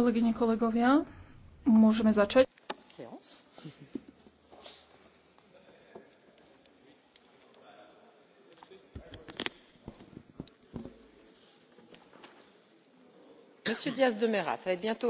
Kolegyne, kolegovia, môžeme začať. Monsieur Diaz de Mera, ça va être bientôt.